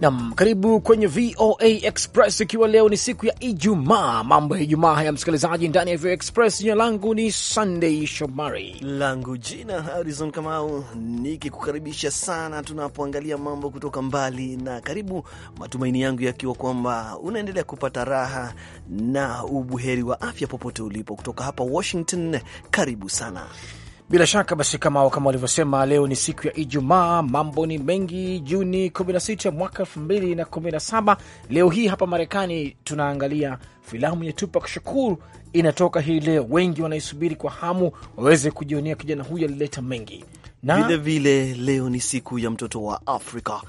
Nam, karibu kwenye VOA Express, ikiwa leo ni siku ya Ijumaa. Mambo ya Ijumaa haya, msikilizaji, ndani ya VOA Express. Jina langu ni Sunday Shomari, langu jina Harrison Kamau, nikikukaribisha sana tunapoangalia mambo kutoka mbali na karibu, matumaini yangu yakiwa kwamba unaendelea kupata raha na ubuheri wa afya popote ulipo. Kutoka hapa Washington, karibu sana bila shaka basi, kama kama walivyosema, leo ni siku ya Ijumaa, mambo ni mengi. Juni 16 mwaka 2017, leo hii hapa Marekani tunaangalia Filamu ya Tupac Shakur inatoka hii leo, wengi wanaisubiri kwa hamu waweze kujionea kijana huyu alileta mengi vilevile vile, leo ni siku ya mtoto wa Africa,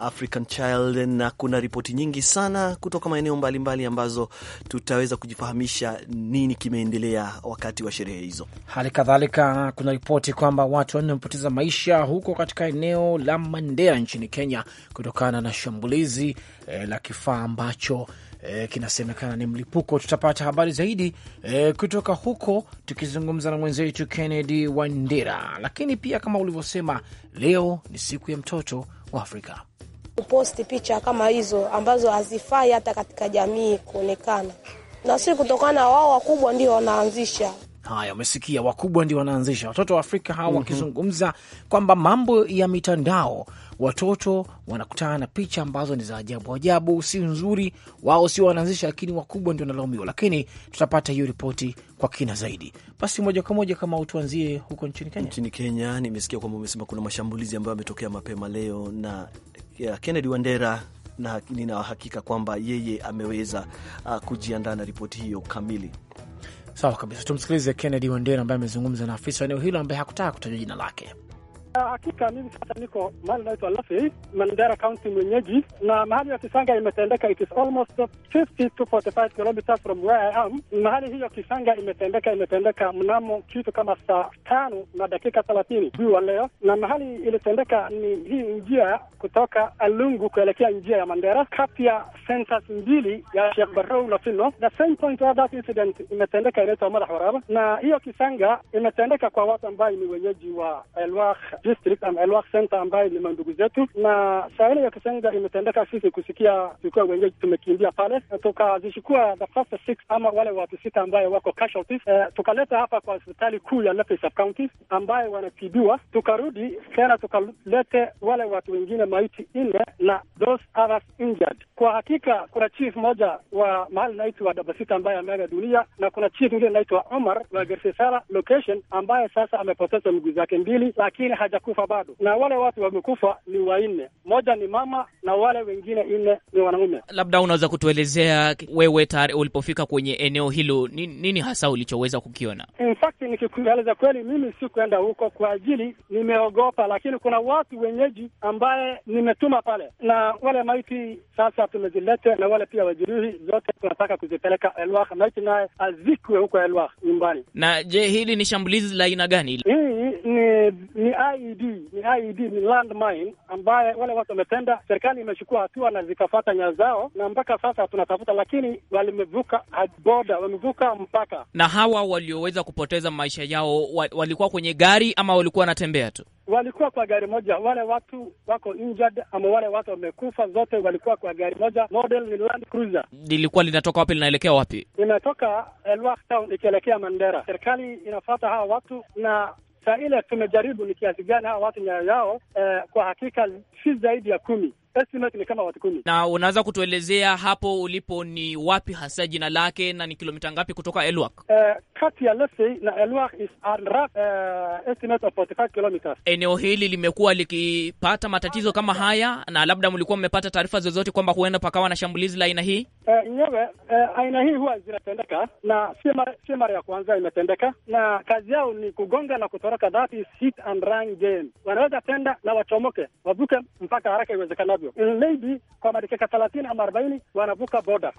African Child, na kuna ripoti nyingi sana kutoka maeneo mbalimbali ambazo tutaweza kujifahamisha nini kimeendelea wakati wa sherehe hizo. Hali kadhalika kuna ripoti kwamba watu wanne wamepoteza maisha huko katika eneo la Mandera nchini Kenya kutokana na shambulizi eh, la kifaa ambacho e, kinasemekana ni mlipuko. Tutapata habari zaidi e, kutoka huko tukizungumza na mwenzetu Kennedy Wandera. Lakini pia kama ulivyosema, leo ni siku ya mtoto wa Afrika. Kuposti picha kama hizo ambazo hazifai hata katika jamii kuonekana, na si kutokana na wao wakubwa ndio wanaanzisha Haya, umesikia, wakubwa ndio wanaanzisha. Watoto wa Afrika hawa mhm. wakizungumza mm -hmm. kwamba mambo ya mitandao watoto wanakutana na picha ambazo ni za ajabu ajabu, si nzuri. Wao sio wanaanzisha, lakini wakubwa ndio wanalaumiwa. Lakini tutapata hiyo ripoti kwa kina zaidi. Basi moja kwa moja, kama utuanzie huko nchini Kenya. Nchini Kenya nimesikia kwamba umesema kuna mashambulizi ambayo yametokea mapema leo na Kennedy Wandera na nina hakika kwamba yeye ameweza uh, kujiandaa na ripoti hiyo kamili. Sawa kabisa, tumsikilize Kennedy Wandera ambaye amezungumza na afisa wa eneo hilo ambaye hakutaka kutajwa jina lake. Ah, hakika mimi sasa niko mahali naitwa Lafey, Mandera County mwenyeji, na mahali ya kisanga imetendeka, it is almost 50 to 45 kilometers from where I am. Mahali hiyo kisanga imetendeka imetendeka mnamo kitu kama saa tano na dakika thelathini juu wa leo, na mahali ilitendeka ni hii njia kutoka Alungu kuelekea njia ya Mandera, kati ya centers mbili ya Sheikh Barau na Fino. The same point where that incident imetendeka inaitwa Madax na hiyo kisanga imetendeka kwa watu ambayo ni wenyeji wa Elwakh district ama Elwak Center ambayo ni mandugu zetu, na shauri ya Kisenga imetendeka, sisi kusikia tulikuwa wengi tumekimbia pale, tukazishukua the first six ama wale watu sita ambayo wako casualties, e, tukaleta hapa kwa hospitali kuu ya Lepe sub county ambayo wanatibiwa, tukarudi tena tukalete wale watu wengine maiti nne na those others injured. Kwa hakika kuna chief moja wa mahali naitwa Sita ambaye ameaga dunia na kuna chief mwingine naitwa Omar wa Gersesala location ambaye sasa amepoteza miguu zake mbili lakini hajakufa bado, na wale watu wamekufa ni wanne, moja ni mama na wale wengine nne ni wanaume. Labda unaweza kutuelezea wewe, tare, ulipofika kwenye eneo hilo, nini, nini hasa ulichoweza kukiona? In fact, nikikueleza kweli, mimi sikuenda huko kwa ajili nimeogopa, lakini kuna watu wenyeji ambaye nimetuma pale, na wale maiti sasa tumezilete, na wale pia wajeruhi zote tunataka kuzipeleka Elwah, maiti naye azikwe huko Elwah nyumbani. Na je, hili ni shambulizi la aina gani? Hii ni, ni IED ni IED ni landmine ambaye wale watu wametenda. Serikali imechukua hatua na zikafata nya zao, na mpaka sasa tunatafuta, lakini walimevuka boda, wamevuka mpaka. Na hawa walioweza kupoteza maisha yao walikuwa kwenye gari ama walikuwa wanatembea tu? Walikuwa kwa gari moja, wale watu wako injured ama wale watu wamekufa, zote walikuwa kwa gari moja. Model ni Land Cruiser. Lilikuwa linatoka wapi, linaelekea wapi? Inatoka Elwak Town ikielekea Mandera. Serikali inafuata hawa watu na saa ile tumejaribu ni kiasi gani hawa watu nyayo yao eh, kwa hakika si zaidi ya kumi estimate ni kama watu kumi. Na unaweza kutuelezea hapo ulipo ni wapi hasa, jina lake na ni kilomita ngapi kutoka Elwak? Uh, eh, kati ya Lefsey na Elwak is rough, eh, uh, estimate of 45 kilometers. Eneo hili limekuwa likipata matatizo kama haya, na labda mlikuwa mmepata taarifa zozote kwamba huenda pakawa na shambulizi la aina hii yenyewe? Eh, uh, uh, aina hii huwa zinatendeka na si mara ya kwanza imetendeka, na kazi yao ni kugonga na kutoroka. That is hit and run game. Wanaweza tenda na wachomoke, wavuke mpaka haraka iwezekanavyo hivyo maybe kwa madakika thelathini ama arobaini wanavuka boda.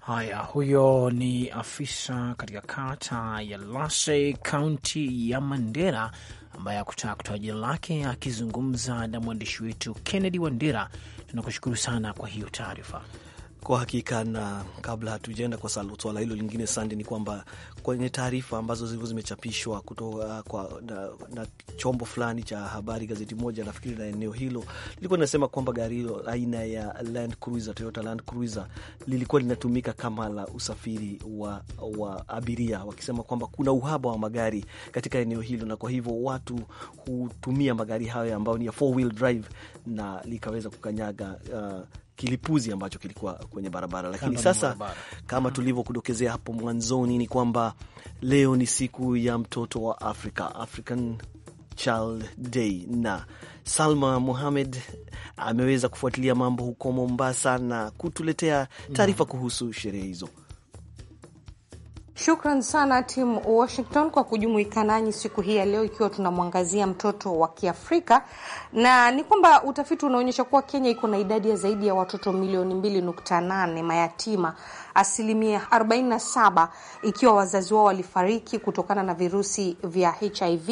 Haya, huyo ni afisa katika kata ya Lase, kaunti ya Mandera, ambaye akutaka kutoa jina lake, akizungumza na mwandishi wetu Kennedy Wandera. Tunakushukuru sana kwa hiyo taarifa. Kwa hakika na kabla hatujaenda kwa swala hilo lingine, Sande, ni kwamba kwenye taarifa ambazo zilivyo zimechapishwa kutoka kwa na, na chombo fulani cha habari, gazeti moja nafikiri la eneo hilo lilikuwa linasema kwamba gari hilo aina ya Land Cruiser, Toyota Land Cruiser lilikuwa linatumika kama la usafiri wa, wa abiria, wakisema kwamba kuna uhaba wa magari katika eneo hilo, na kwa hivyo watu hutumia magari hayo ambayo ni ya four wheel drive na likaweza kukanyaga uh, kilipuzi ambacho kilikuwa kwenye barabara, lakini Kando sasa barabara. Kama mm-hmm. tulivyokudokezea hapo mwanzoni ni kwamba leo ni siku ya mtoto wa Afrika, African Child Day, na Salma Mohamed ameweza kufuatilia mambo huko Mombasa na kutuletea taarifa mm-hmm. kuhusu sherehe hizo. Shukran sana timu Washington kwa kujumuika nanyi siku hii ya leo, ikiwa tunamwangazia mtoto wa Kiafrika, na ni kwamba utafiti unaonyesha kuwa Kenya iko na idadi ya zaidi ya watoto milioni 2.8 mayatima, asilimia 47 ikiwa wazazi wao walifariki kutokana na virusi vya HIV.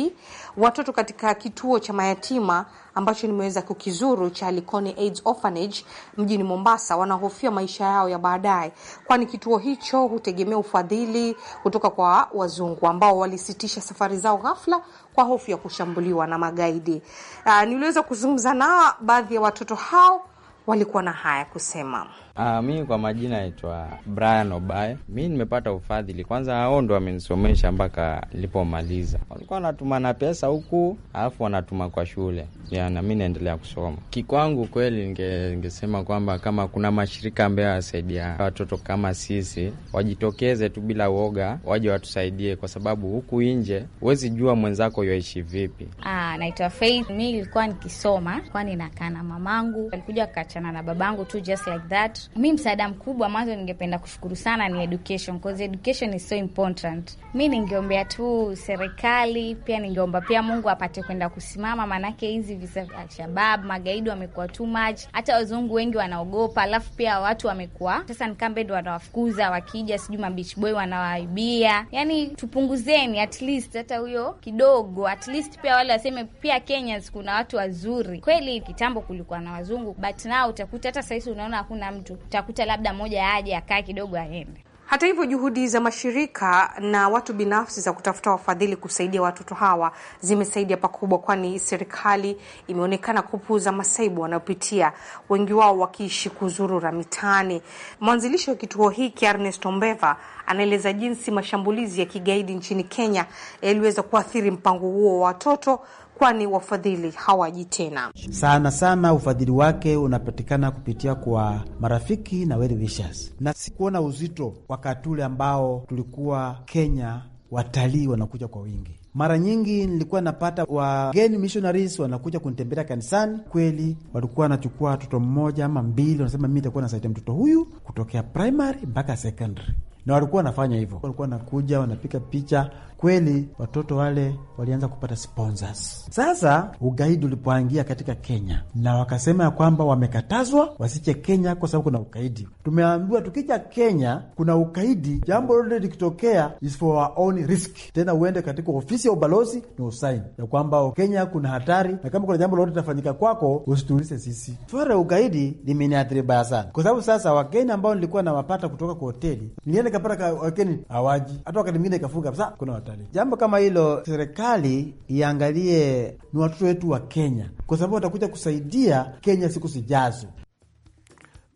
Watoto katika kituo cha mayatima ambacho nimeweza kukizuru cha Likoni AIDS Orphanage mjini Mombasa, wanahofia maisha yao ya baadaye, kwani kituo hicho hutegemea ufadhili kutoka kwa wazungu ambao walisitisha safari zao ghafla kwa hofu ya kushambuliwa na magaidi. Uh, niliweza kuzungumza na baadhi ya watoto hao walikuwa na haya kusema. Uh, mi kwa majina naitwa Brian Obaye. Mi nimepata ufadhili kwanza, hao ndo wamenisomesha mpaka nilipomaliza. Walikuwa wanatuma na pesa huku, alafu wanatuma kwa shule ya, na mi naendelea kusoma kikwangu. Kweli ningesema kwamba kama kuna mashirika ambayo yanasaidia watoto kama sisi, wajitokeze tu bila uoga, waje watusaidie, kwa sababu huku nje huwezi jua mwenzako yaishi vipi. Ah, naitwa Faith. Mi ilikuwa nikisoma, kwani nakaa na mamangu, alikuja akachana na babangu tu, just like that Mi msaada mkubwa mwanzo, ningependa kushukuru sana ni education, cause education is so important. Mi ningeombea tu serikali, pia ningeomba pia Mungu apate kwenda kusimama, maanake hizi visa vya Alshabab magaidi wamekuwa too much, hata wazungu wengi wanaogopa, alafu pia watu wamekuwa sasa nikambe ndo wanawafukuza wakija, sijui mabichi boy wanawaibia. Yani tupunguzeni at least hata huyo kidogo, at least pia wale waseme pia Kenyans kuna watu wazuri kweli. Kitambo kulikuwa na wazungu but na utakuta hata sahizi unaona hakuna mtu utakuta labda moja aje akae kidogo aende. Hata hivyo juhudi za mashirika na watu binafsi za kutafuta wafadhili kusaidia watoto hawa zimesaidia pakubwa, kwani serikali imeonekana kupuuza masaibu wanayopitia, wengi wao wakiishi kuzurura mitaani. Mwanzilishi wa kituo hiki Ernest Ombeva anaeleza jinsi mashambulizi ya kigaidi nchini Kenya yaliweza kuathiri mpango huo wa watoto kwani wafadhili hawaji tena. Sana sana ufadhili wake unapatikana kupitia kwa marafiki na well wishers, na sikuona uzito wakati ule ambao tulikuwa Kenya watalii wanakuja kwa wingi. Mara nyingi nilikuwa napata wageni missionaries wanakuja kunitembelea kanisani. Kweli walikuwa wanachukua mtoto mmoja ama mbili, wanasema mi itakuwa nasaidia mtoto huyu kutokea primary mpaka secondary, na walikuwa wanafanya hivyo, walikuwa wanakuja wanapiga picha kweli watoto wale walianza kupata sponsors. Sasa ugaidi ulipoangia katika Kenya, na wakasema ya kwamba wamekatazwa wasiche Kenya kwa sababu kuna ugaidi. Tumeambiwa tukija Kenya kuna ugaidi, jambo lolote likitokea is for our own risk. Tena uende katika ofisi ya ubalozi ni usaini ya kwamba Kenya kuna hatari, na kama kuna jambo lolote litafanyika kwako usitulize sisi. Swala ya ugaidi limeniathiri baya sana, kwa sababu sasa wageni ambao nilikuwa nawapata kutoka kwa hoteli nilienda kapata wageni hawaji, hata wakati mwingine ikafunga kabisa kuna watu hospitali. Jambo kama hilo serikali iangalie, ni watoto wetu wa Kenya, kwa sababu watakuja kusaidia Kenya siku zijazo.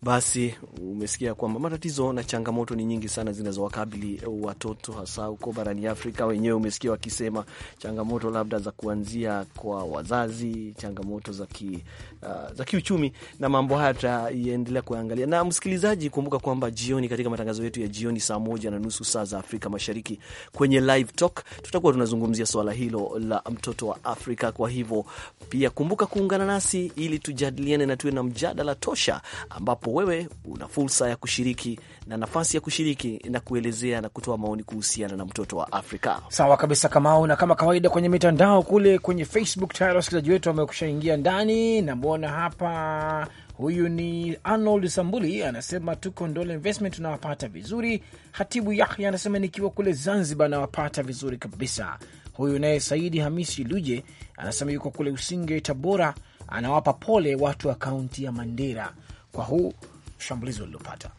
Basi umesikia kwamba matatizo na changamoto ni nyingi sana zinazowakabili watoto hasa huko barani Afrika. Wenyewe umesikia wakisema changamoto labda za kuanzia kwa wazazi, changamoto za ki, uh, za kiuchumi na mambo haya tutaiendelea kuangalia. Na msikilizaji, kumbuka kwamba jioni katika matangazo yetu ya jioni saa moja na nusu saa za Afrika Mashariki kwenye live talk tutakuwa tunazungumzia swala hilo la mtoto wa Afrika. Kwa hivyo pia kumbuka kuungana nasi ili tujadiliane na tuwe na mjadala tosha, ambapo wewe una fursa ya kushiriki na nafasi ya kushiriki na kuelezea na kutoa maoni kuhusiana na mtoto wa Afrika. Sawa kabisa, Kamau, na kama kawaida kwenye mitandao kule kwenye Facebook tayari wasikilizaji wetu wamekushaingia ndani na namwona hapa, huyu ni Arnold Sambuli anasema tuko Ndole Investment tunawapata vizuri. Hatibu Yahya anasema nikiwa kule Zanzibar nawapata vizuri kabisa. Huyu naye Saidi Hamisi Luje anasema yuko kule Usinge, Tabora, anawapa pole watu wa kaunti ya Mandera kwa huu shambulizi walilopata.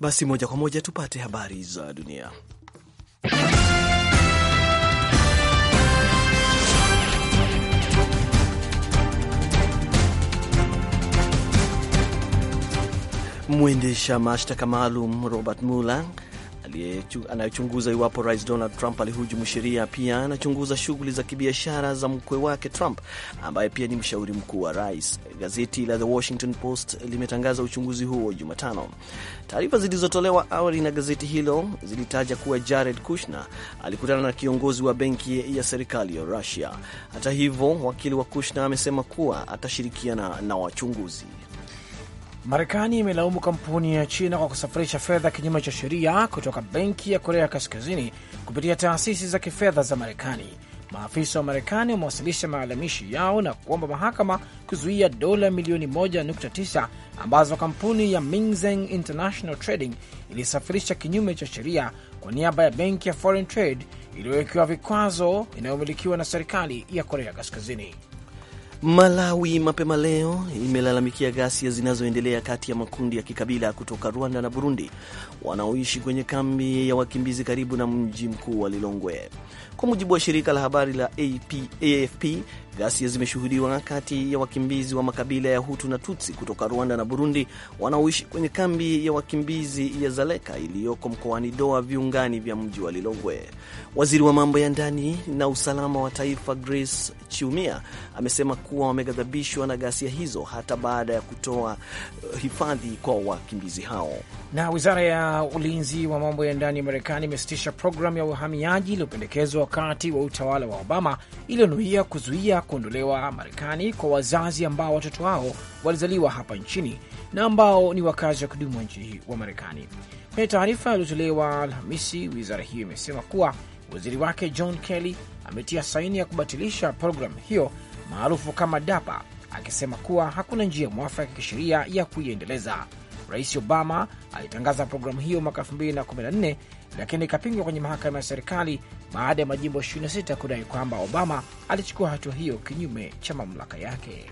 Basi moja kwa moja tupate habari za dunia. Mwendesha mashtaka maalum Robert Mueller anayechunguza iwapo rais Donald Trump alihujumu sheria, pia anachunguza shughuli za kibiashara za mkwe wake Trump ambaye pia ni mshauri mkuu wa rais. Gazeti la The Washington Post limetangaza uchunguzi huo Jumatano. Taarifa zilizotolewa awali na gazeti hilo zilitaja kuwa Jared Kushner alikutana na kiongozi wa benki ya serikali ya Russia. Hata hivyo, wakili wa Kushner amesema kuwa atashirikiana na wachunguzi. Marekani imelaumu kampuni ya China kwa kusafirisha fedha kinyume cha sheria kutoka benki ya Korea Kaskazini kupitia taasisi za kifedha za Marekani. Maafisa wa Marekani wamewasilisha malalamishi yao na kuomba mahakama kuzuia dola milioni 1.9 ambazo kampuni ya Mingzeng International Trading ilisafirisha kinyume cha sheria kwa niaba ya benki ya Foreign Trade iliyowekewa vikwazo inayomilikiwa na serikali ya Korea Kaskazini. Malawi mapema leo imelalamikia ghasia zinazoendelea kati ya makundi ya kikabila kutoka Rwanda na Burundi wanaoishi kwenye kambi ya wakimbizi karibu na mji mkuu wa Lilongwe. Kwa mujibu wa shirika la habari la AP, AFP, Ghasia zimeshuhudiwa kati ya wakimbizi wa makabila ya Hutu na Tutsi kutoka Rwanda na Burundi wanaoishi kwenye kambi ya wakimbizi ya Zaleka iliyoko mkoani Doa, viungani vya mji wa Lilongwe. Waziri wa mambo ya ndani na usalama wa taifa Grace Chiumia amesema kuwa wameghadhabishwa na ghasia hizo hata baada ya kutoa eh, hifadhi kwa wakimbizi hao. Na wizara ya ulinzi wa mambo ya ndani ya Marekani imesitisha programu ya uhamiaji iliyopendekezwa wakati wa utawala wa Obama iliyonuia kuzuia kuondolewa Marekani kwa wazazi ambao watoto wao walizaliwa hapa nchini na ambao ni wakazi wa kudumu wa nchi wa Marekani. Kwenye taarifa iliyotolewa Alhamisi, wizara hiyo imesema kuwa waziri wake John Kelly ametia saini ya kubatilisha programu hiyo maarufu kama DAPA, akisema kuwa hakuna njia mwafaka kisheria ya kuiendeleza. Rais Obama alitangaza programu hiyo mwaka 2014 lakini ikapingwa kwenye mahakama ya serikali baada ya majimbo 26 kudai kwamba Obama alichukua hatua hiyo kinyume cha mamlaka yake.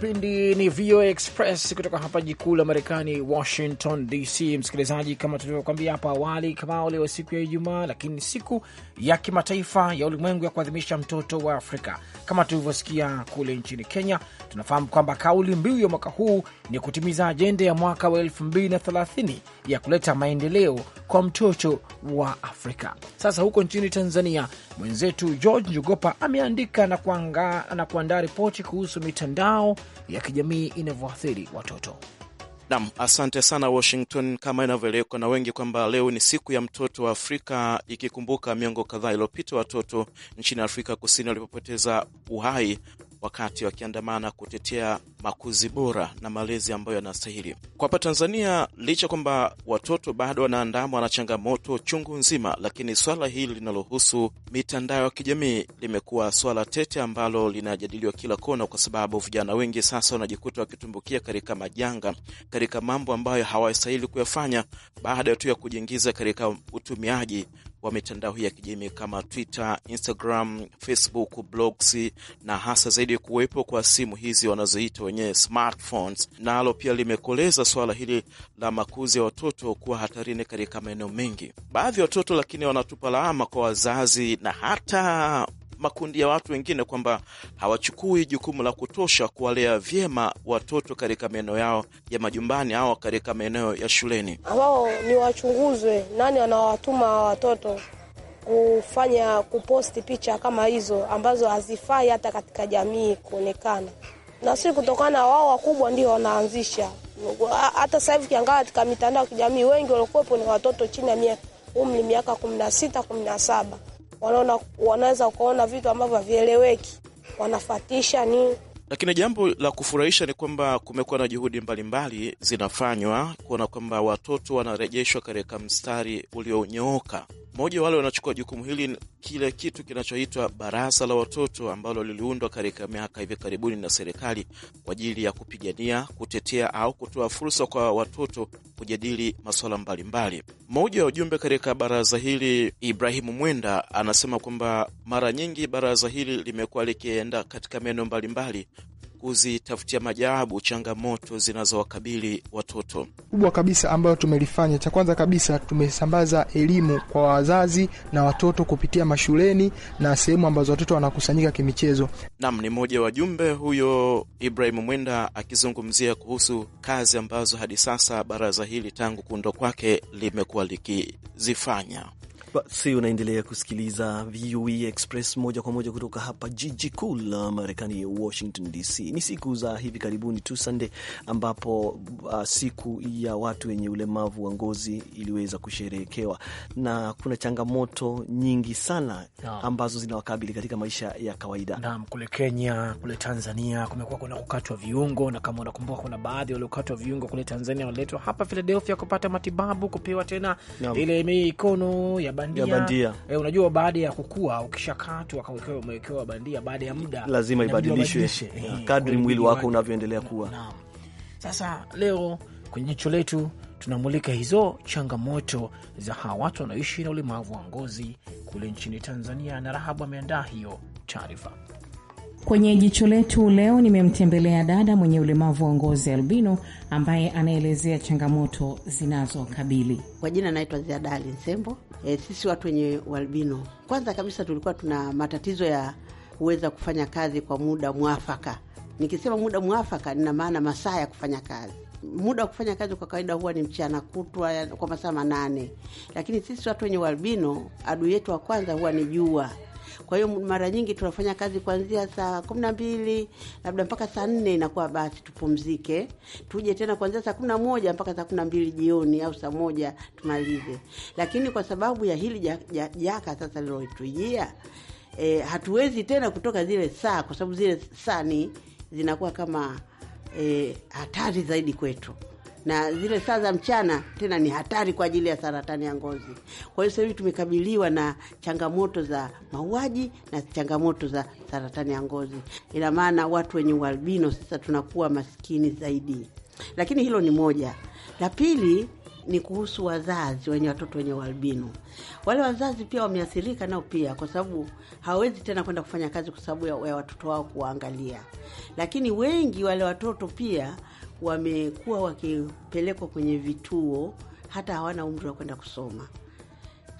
Kipindi ni VOA Express kutoka hapa jikuu la Marekani, Washington DC. Msikilizaji, kama tulivyokwambia hapo awali, kama leo siku ya Ijumaa, lakini siku ya kimataifa ya ulimwengu ya kuadhimisha mtoto wa Afrika. Kama tulivyosikia kule nchini Kenya, tunafahamu kwamba kauli mbiu ya mwaka huu ni kutimiza ajenda ya mwaka wa 2030 ya kuleta maendeleo kwa mtoto wa Afrika. Sasa huko nchini Tanzania, mwenzetu George Njogopa ameandika na kuandaa na kuandaa ripoti kuhusu mitandao ya kijamii inavyoathiri watoto. Nam, asante sana Washington. Kama inavyoelewekwa na wengi kwamba leo ni siku ya mtoto wa Afrika, ikikumbuka miongo kadhaa iliyopita watoto nchini Afrika Kusini walipopoteza uhai wakati wakiandamana kutetea makuzi bora na malezi ambayo yanastahili. Kwa hapa Tanzania, licha kwamba watoto bado wanaandamwa na changamoto chungu nzima, lakini swala hili linalohusu mitandao ya kijamii limekuwa swala tete ambalo linajadiliwa kila kona, kwa sababu vijana wengi sasa wanajikuta wakitumbukia katika majanga, katika mambo ambayo hawastahili kuyafanya baada tu ya kujiingiza katika utumiaji wa mitandao hii ya kijamii kama Twitter, Instagram, Facebook, blogs na hasa zaidi kuwepo kwa simu hizi wanazoita wenyewe smartphones, nalo na pia limekoleza swala hili la makuzi ya watoto kuwa hatarini katika maeneo mengi. Baadhi ya watoto lakini wanatupa lawama kwa wazazi na hata makundi ya watu wengine kwamba hawachukui jukumu la kutosha kuwalea vyema watoto katika maeneo yao ya majumbani au katika maeneo ya shuleni. ambao ni wachunguzwe, nani wanawatuma watoto kufanya kuposti picha kama hizo ambazo hazifai hata katika jamii kuonekana, na si kutokana wao wakubwa ndio wanaanzisha. Hata sasa hivi katika mitandao ya kijamii wengi waliokuwepo ni watoto chini ya umri miaka kumi na sita kumi na saba wanaona wanaweza kuona vitu ambavyo havieleweki, wanafatisha nini lakini jambo la kufurahisha ni kwamba kumekuwa na juhudi mbalimbali mbali zinafanywa kuona kwamba watoto wanarejeshwa katika mstari ulionyooka. Mmoja wale wanachukua jukumu hili kile kitu kinachoitwa baraza la watoto ambalo liliundwa katika miaka hivi karibuni na serikali kwa ajili ya kupigania, kutetea au kutoa fursa kwa watoto kujadili masuala mbalimbali. Mmoja wa ujumbe katika baraza hili, Ibrahimu Mwenda, anasema kwamba mara nyingi baraza hili limekuwa likienda katika maeneo mbalimbali kuzitafutia majawabu changamoto zinazowakabili watoto. Kubwa kabisa ambayo tumelifanya, cha kwanza kabisa tumesambaza elimu kwa wazazi na watoto kupitia mashuleni na sehemu ambazo watoto wanakusanyika kimichezo. Nam ni mmoja wa jumbe huyo Ibrahim Mwenda akizungumzia kuhusu kazi ambazo hadi sasa baraza hili tangu kuundwa kwake limekuwa likizifanya. Basi unaendelea kusikiliza VOA e Express moja kwa moja kutoka hapa jiji kuu la Marekani, Washington DC. Ni siku za hivi karibuni tu Sande, ambapo uh, siku ya watu wenye ulemavu wa ngozi iliweza kusherehekewa, na kuna changamoto nyingi sana ambazo zinawakabili katika maisha ya kawaida. Naam, kule Kenya, kule Tanzania kumekuwa kuna kukatwa viungo, na kama unakumbuka, kuna baadhi waliokatwa viungo kule Tanzania waliletwa hapa Philadelphia kupata matibabu, kupewa tena ile mikono ya bandia, ya bandia. E, unajua baada ya kukua ukishakatwa kawekewa bandia baada ya muda lazima ibadilishwe eh, kadri mwili wako unavyoendelea kuwa na. Sasa leo kwenye jicho letu tunamulika hizo changamoto za hawa watu wanaoishi na ulemavu wa ngozi kule nchini Tanzania, na Rahabu ameandaa hiyo taarifa. Kwenye jicho letu leo nimemtembelea dada mwenye ulemavu wa ngozi albino, ambaye anaelezea changamoto zinazokabili. Kwa jina naitwa Ziadali Nsembo. E, sisi watu wenye ualbino, kwanza kabisa tulikuwa tuna matatizo ya kuweza kufanya kazi kwa muda mwafaka. Nikisema muda mwafaka, nina maana masaa ya kufanya kazi muda wa kufanya kazi kwa kawaida huwa ni mchana kutwa kwa masaa manane, lakini sisi watu wenye ualbino adui yetu wa kwanza huwa ni jua. Kwa hiyo mara nyingi tunafanya kazi kuanzia saa kumi na mbili labda mpaka saa nne inakuwa basi tupumzike, tuje tena kuanzia saa kumi na moja mpaka saa kumi na mbili jioni au saa moja tumalize. Lakini kwa sababu ya hili jaka, ja, sasa liloitujia e, hatuwezi tena kutoka zile saa, kwa sababu zile saa ni zinakuwa kama e, hatari zaidi kwetu na zile saa za mchana tena ni hatari kwa ajili ya saratani ya ngozi. Kwa hiyo sasa hivi tumekabiliwa na changamoto za mauaji na changamoto za saratani ya ngozi. Ina maana watu wenye ualbino sasa tunakuwa maskini zaidi, lakini hilo ni moja. La pili ni kuhusu wazazi wenye watoto wenye ualbino. Wale wazazi pia wameathirika nao pia, kwa sababu hawawezi tena kwenda kufanya kazi kwa sababu ya, ya watoto wao kuwaangalia. Lakini wengi wale watoto pia wamekuwa wakipelekwa kwenye vituo, hata hawana umri wa kwenda kusoma.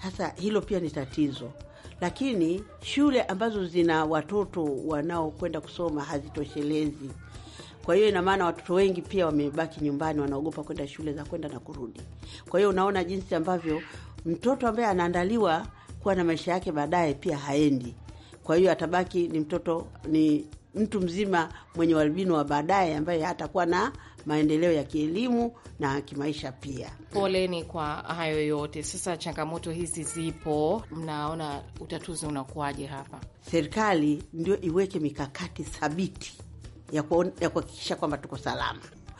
Sasa hilo pia ni tatizo, lakini shule ambazo zina watoto wanaokwenda kusoma hazitoshelezi. Kwa hiyo ina maana watoto wengi pia wamebaki nyumbani, wanaogopa kwenda shule za kwenda na kurudi. Kwa hiyo unaona jinsi ambavyo mtoto ambaye anaandaliwa kuwa na maisha yake baadaye pia haendi. Kwa hiyo atabaki ni mtoto, ni mtu mzima mwenye ualbino wa baadaye ambaye hatakuwa na maendeleo ya kielimu na kimaisha pia. Poleni kwa hayo yote. Sasa changamoto hizi zipo, mnaona utatuzi unakuwaje hapa? Serikali ndio iweke mikakati thabiti ya kuhakikisha kwamba tuko salama,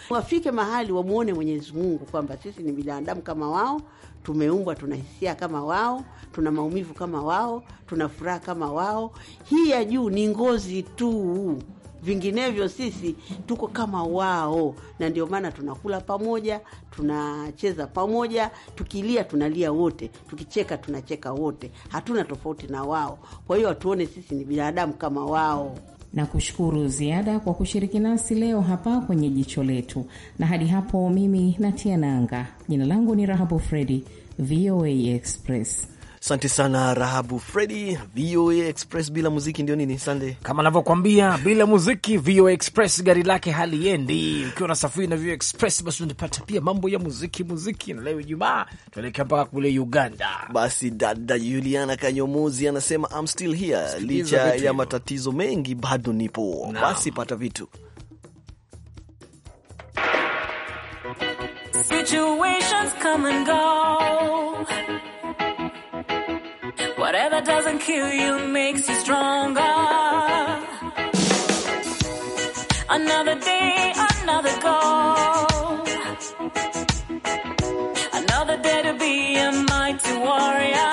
wafike mahali wamwone Mwenyezi Mungu kwamba sisi ni binadamu kama wao, tumeumbwa, tuna hisia kama wao, tuna maumivu kama wao, tuna furaha kama wao. Hii ya juu ni ngozi tu vinginevyo sisi tuko kama wao, na ndio maana tunakula pamoja, tunacheza pamoja, tukilia tunalia wote, tukicheka tunacheka wote, hatuna tofauti na wao. Kwa hiyo hatuone sisi ni binadamu kama wao. Na kushukuru ziada kwa kushiriki nasi leo hapa kwenye jicho letu, na hadi hapo mimi natia nanga. Jina langu ni Rahabu Fredi, VOA Express. Asante sana Rahabu Fredi. VOA Express bila muziki ndio nini sande kama anavyokwambia bila muziki VOA Express gari lake haliendi. Ukiwa unasafiri na VOA Express, basi unapata pia mambo ya muziki muziki, na leo Ijumaa tuelekea mpaka kule Uganda. Basi dada Juliana Kanyomozi anasema I'm still here, licha ya matatizo mengi bado nipo no. Basi pata vitu Situations come and go. kill you makes you stronger. Another day, another goal. Another day to be a mighty warrior.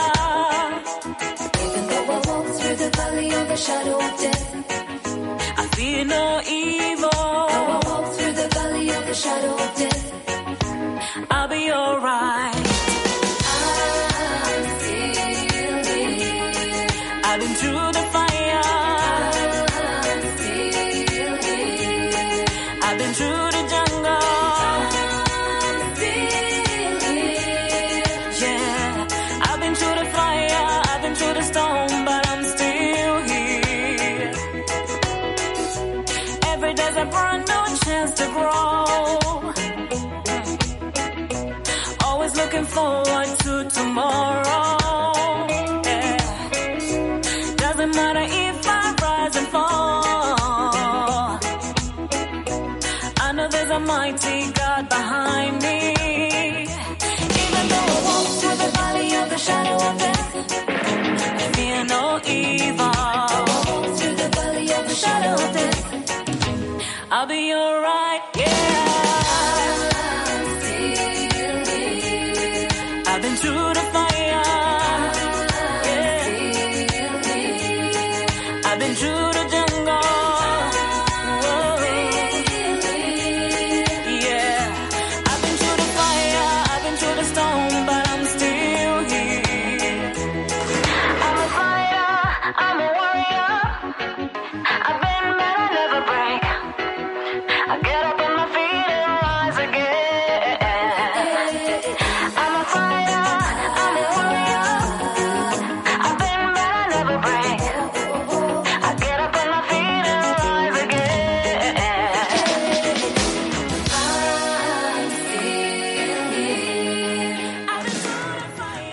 Even though I walk through the valley of the shadow of death, I fear no evil. Though I walk through the valley of the shadow for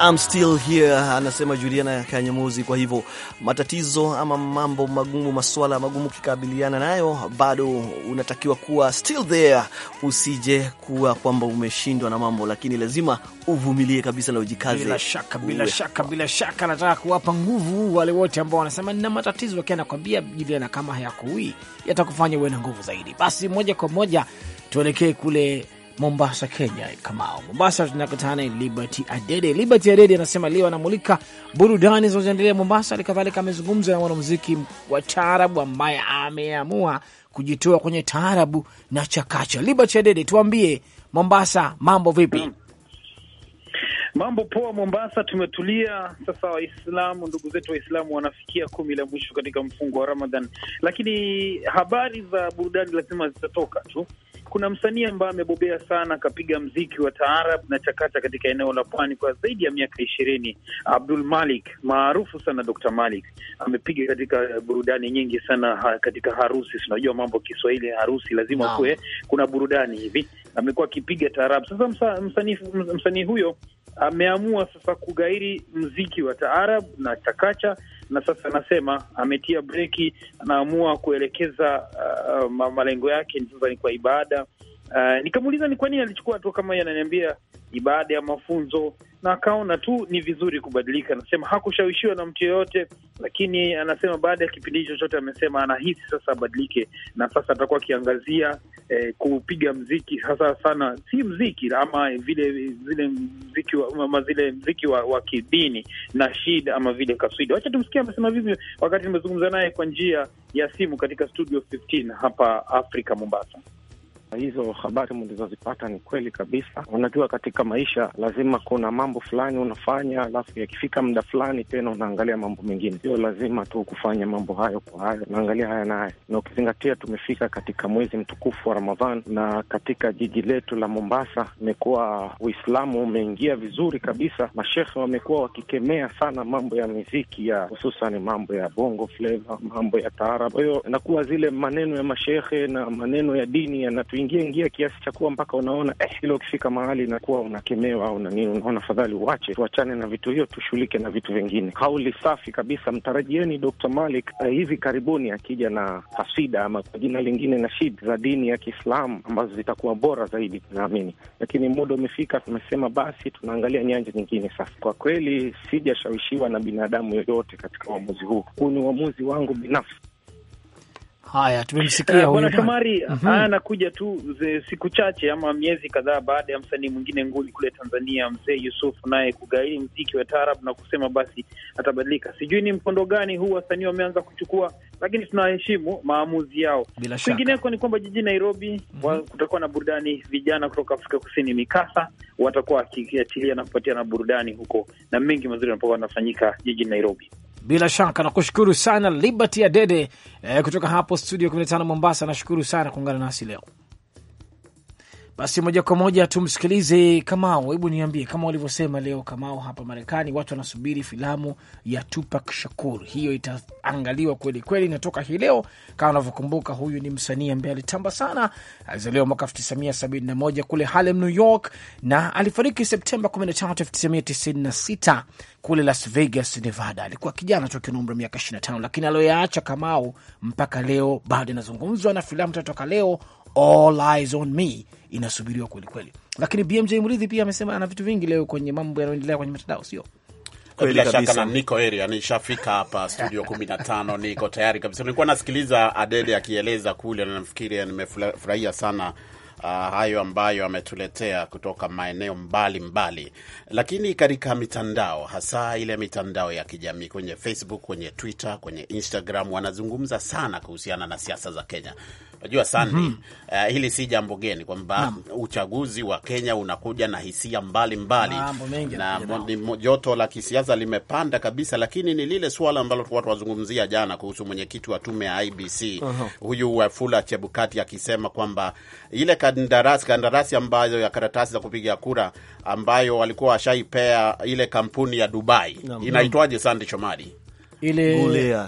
I'm still here, anasema Juliana Kanyamuzi. Kwa hivyo matatizo ama mambo magumu, maswala magumu kikabiliana nayo, bado unatakiwa kuwa still there, usije kuwa kwamba umeshindwa na mambo, lakini lazima uvumilie kabisa na ujikaze. Bila shaka, bila shaka, bila shaka, nataka kuwapa nguvu wale wote ambao wanasema na matatizo, wakiwa anakwambia Juliana, kama hayakuwi yatakufanya uwe na nguvu zaidi. Basi moja kwa moja tuelekee kule Mombasa, Kenya. Kamao Mombasa tunakutana Liberty Adede. Liberty Adede anasema leo anamulika burudani zinazoendelea Mombasa, halikadhalika amezungumza na mwanamuziki wa taarabu ambaye ameamua kujitoa kwenye taarabu na chakacha. Liberty Adede, tuambie Mombasa, mambo vipi? Mm. Mambo poa Mombasa, tumetulia sasa. Waislamu, ndugu zetu Waislamu wanafikia kumi la mwisho katika mfungo wa Ramadhan, lakini habari za burudani lazima zitatoka tu kuna msanii ambaye amebobea sana akapiga mziki wa taarab na chakata katika eneo la pwani kwa zaidi ya miaka ishirini. Abdul Malik maarufu sana Dr. Malik amepiga katika burudani nyingi sana ha, katika harusi. Unajua mambo Kiswahili harusi lazima no. kuwe kuna burudani hivi, amekuwa akipiga taarab. Sasa msa, msanii msanii huyo ameamua sasa kugairi mziki wa taarab na chakacha na sasa anasema ametia breki, anaamua kuelekeza uh, uh malengo yake sasa ni kwa ibada Uh, nikamuuliza ni kwa nini alichukua hatua kama hiyo, ananiambia ni baada ya mafunzo na akaona tu ni vizuri kubadilika. Anasema hakushawishiwa na mtu yoyote, lakini anasema baada ya kipindi hicho chote amesema anahisi sasa abadilike, na sasa atakuwa akiangazia eh, kupiga mziki hasa sana, si mziki ama vile zile mziki wa, ama zile mziki wa, wa kidini na shida ama vile kaswidi. Wacha tumsikia amesema vivyo wakati nimezungumza naye kwa njia ya simu katika studio 15 hapa Afrika Mombasa. Hizo habari mlizozipata ni kweli kabisa. Unajua, katika maisha lazima kuna mambo fulani unafanya, alafu yakifika muda fulani tena unaangalia mambo mengine. Sio lazima tu kufanya mambo hayo kwa hayo, unaangalia haya na haya, na ukizingatia tumefika katika mwezi mtukufu wa Ramadhan, na katika jiji letu la Mombasa imekuwa Uislamu umeingia vizuri kabisa. Mashekhe wamekuwa wakikemea sana mambo ya miziki ya hususan mambo ya bongo fleva, mambo ya taarab. Kwa hiyo inakuwa zile maneno ya mashekhe na maneno ya dini yanatu tuingie ingia kiasi cha kuwa mpaka unaona eh, hilo ukifika mahali inakuwa unakemewa au nani, unaona fadhali uache, tuachane na vitu hiyo, tushughulike na vitu vingine. Kauli safi kabisa, mtarajieni Dr. Malik uh, hivi karibuni akija na kasida ama kwa jina lingine na shid za dini ya Kiislamu ambazo zitakuwa bora zaidi naamini lakini muda umefika. Tumesema basi tunaangalia nyanja nyingine sasa. Kwa kweli sijashawishiwa na binadamu yoyote katika uamuzi huu, huu ni uamuzi wangu binafsi. Haya, tumemsikia eh, bwana Shomari. mm -hmm. Anakuja tu siku chache ama miezi kadhaa baada ya msanii mwingine nguli kule Tanzania, mzee yusuf naye kugairi mziki wa taarab na kusema basi atabadilika. Sijui ni mkondo gani huu wasanii wameanza kuchukua, lakini tunaheshimu maamuzi yao. Kwingineko ni kwamba jijini Nairobi mm -hmm. kutakuwa na burudani, vijana kutoka Afrika Kusini mikasa watakuwa wakiachilia na kupatia na burudani huko, na mengi mazuri yanapokuwa yanafanyika jijini Nairobi. Bila shaka nakushukuru sana Liberty Adede eh, kutoka hapo studio 15 Mombasa. Nashukuru sana kuungana nasi leo. Basi moja kwa moja tumsikilize Kamau. Hebu niambie, kama walivyosema leo Kamau, hapa Marekani watu wanasubiri filamu ya Tupac Shakur. Hiyo itaangaliwa kweli kweli, inatoka hii leo. Kama unavyokumbuka, huyu ni msanii ambaye alitamba sana, alizaliwa mwaka 1971 kule Harlem, New York, na alifariki Septemba 13, 1996 kule Las Vegas, Nevada. Alikuwa kijana tu akiwa na umri wa miaka 25, lakini aliyoyaacha Kamau mpaka leo bado inazungumzwa, na filamu itatoka leo all eyes on me inasubiriwa kwelikweli, lakini BMJ Mridhi pia amesema ana vitu vingi leo kwenye mambo yanayoendelea kwenye mitandao, sio bila shaka na niko area nishafika hapa studio 15 niko tayari kabisa. Nilikuwa nasikiliza Adede akieleza kule, na nafikiri nimefurahia sana uh, hayo ambayo ametuletea kutoka maeneo mbalimbali mbali. Lakini katika mitandao hasa ile mitandao ya kijamii kwenye Facebook, kwenye Twitter, kwenye Instagram wanazungumza sana kuhusiana na siasa za Kenya. Unajua sana mm -hmm. Uh, eh, hili si jambo geni kwamba uchaguzi wa Kenya unakuja na hisia mbalimbali mbali. Na joto la kisiasa limepanda kabisa, lakini ni lile suala ambalo tulikuwa tuwazungumzia jana kuhusu mwenyekiti wa tume ya IBC uh -huh. huyu Wafula Chebukati akisema kwamba ile kandarasi kandarasi ambayo ya karatasi za kupiga kura ambayo walikuwa washaipea ile kampuni ya Dubai inaitwaje, Sandi Shomari ile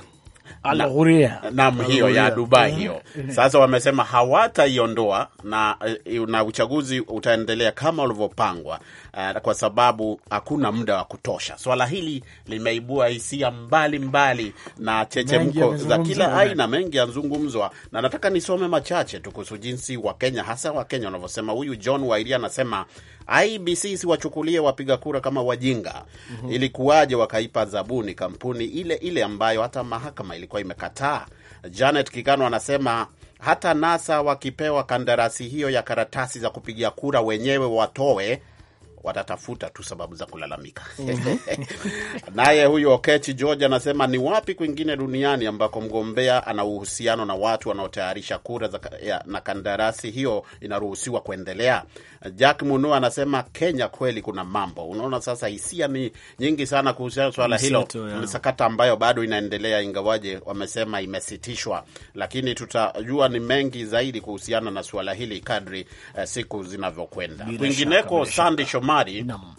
nam hiyo ya Dubai hiyo. Mm-hmm. Mm-hmm. Sasa wamesema hawataiondoa na, eh, na uchaguzi utaendelea kama ulivyopangwa, uh, kwa sababu hakuna muda wa kutosha. Swala hili limeibua hisia mbalimbali na chechemko za kila aina, mengi yanazungumzwa, na nataka nisome machache tu kuhusu jinsi Wakenya, hasa Wakenya wanavyosema. Huyu John Wairi anasema IBC siwachukulie wapiga kura kama wajinga. mm -hmm. Ilikuwaje wakaipa zabuni kampuni ile ile ambayo hata mahakama ilikuwa imekataa? Janet Kikano anasema hata NASA wakipewa kandarasi hiyo ya karatasi za kupigia kura wenyewe watoe watatafuta tu sababu za kulalamika. Mhm. Naye huyu Okechi George anasema ni wapi kwingine duniani ambako mgombea ana uhusiano na watu wanaotayarisha kura za, ya, na kandarasi hiyo inaruhusiwa kuendelea. Jack Munu anasema Kenya kweli kuna mambo. Unaona, sasa hisia ni nyingi sana kuhusiana swala hilo, msakata ambayo bado inaendelea, ingawaje wamesema imesitishwa, lakini tutajua ni mengi zaidi kuhusiana na suala hili kadri eh, siku zinavyokwenda. Kwingineko Sandi Shomari Shomari Nam.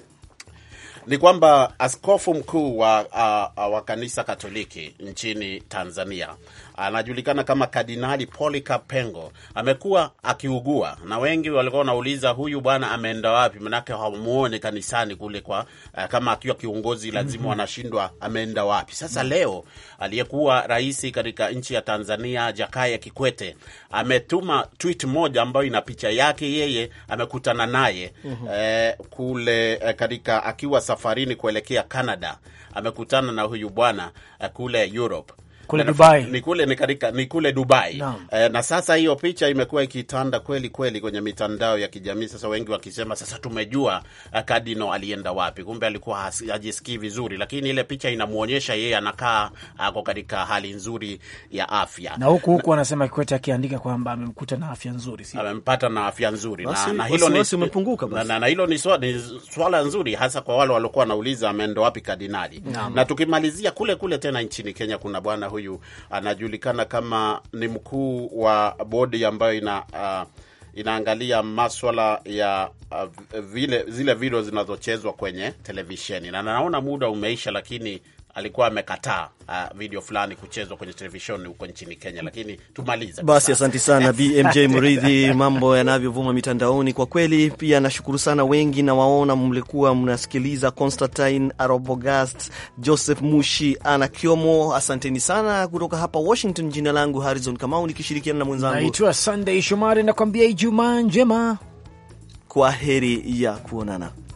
ni kwamba askofu mkuu wa, uh, uh, wa kanisa Katoliki nchini Tanzania anajulikana kama Kardinali Polika Pengo amekuwa akiugua, na wengi walikuwa wanauliza huyu bwana ameenda wapi? Manake hamuone kanisani kule kwa uh, kama akiwa kiongozi lazima mm -hmm. wanashindwa ameenda wapi? Sasa mm -hmm. leo aliyekuwa rais katika nchi ya Tanzania Jakaya Kikwete ametuma tweet moja ambayo ina picha yake yeye amekutana naye mm -hmm. eh, kule eh, katika akiwa safarini kuelekea Canada amekutana na huyu bwana eh, kule Europe kule Dubai, ni kule ni katika ni kule Dubai na. E, eh, na sasa hiyo picha imekuwa ikitanda kweli kweli kwenye mitandao ya kijamii, sasa wengi wakisema sasa tumejua Kadino eh, alienda wapi, kumbe alikuwa hajisikii vizuri, lakini ile picha inamuonyesha yeye anakaa ako katika hali nzuri ya afya, na huku huku anasema Kikwete akiandika kwamba amemkuta na afya nzuri, si amempata na afya nzuri basi, na hilo ni umepunguka basi, na na, hilo ni swala nzuri hasa kwa wale waliokuwa wanauliza ameenda wapi Kadinali na. na tukimalizia kule kule tena nchini Kenya kuna bwana huyu anajulikana kama ni mkuu wa bodi ambayo ina uh, inaangalia maswala ya uh, vile, zile video zinazochezwa kwenye televisheni, na naona muda umeisha, lakini alikuwa amekataa uh, video fulani kuchezwa kwenye televisheni huko nchini Kenya, lakini tumaliza basi. Asante sana BMJ Mridhi, mambo yanavyovuma mitandaoni kwa kweli. Pia nashukuru sana wengi na waona mlikuwa mnasikiliza Constantine Arobogast, Joseph Mushi, Ana Kiomo, asanteni sana kutoka hapa Washington. Jina langu Harrison Kamau nikishirikiana na mwenzangu naitwa Sunday Shomari, nakwambia Ijumaa njema, kwa heri ya kuonana.